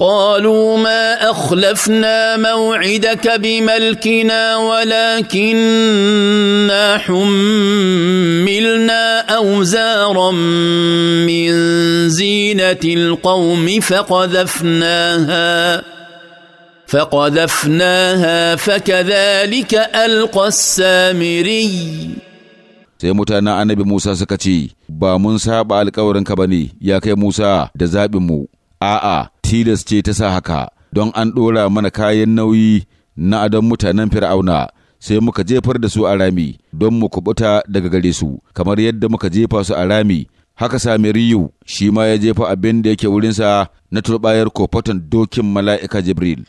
قالوا ما اخلفنا موعدك بملكنا ولكننا حملنا اوزارا من زينه القوم فقذفناها فقذفناها فكذلك القى السامري sai mutanen annabi Musa suka ce, Ba mun saba alkawarinka ba ne, ya kai Musa da zaɓinmu, a'a, tilas ce ta sa haka, don an ɗora mana kayan nauyi na adon mutanen Fir'auna, sai muka jefar da su a rami don mu kubuta daga gare su, kamar yadda muka jefa su a rami, haka sami Samiriyu shi ma ya jefa abin da yake wurinsa na turbayar kofaton dokin mala'ika Jibril.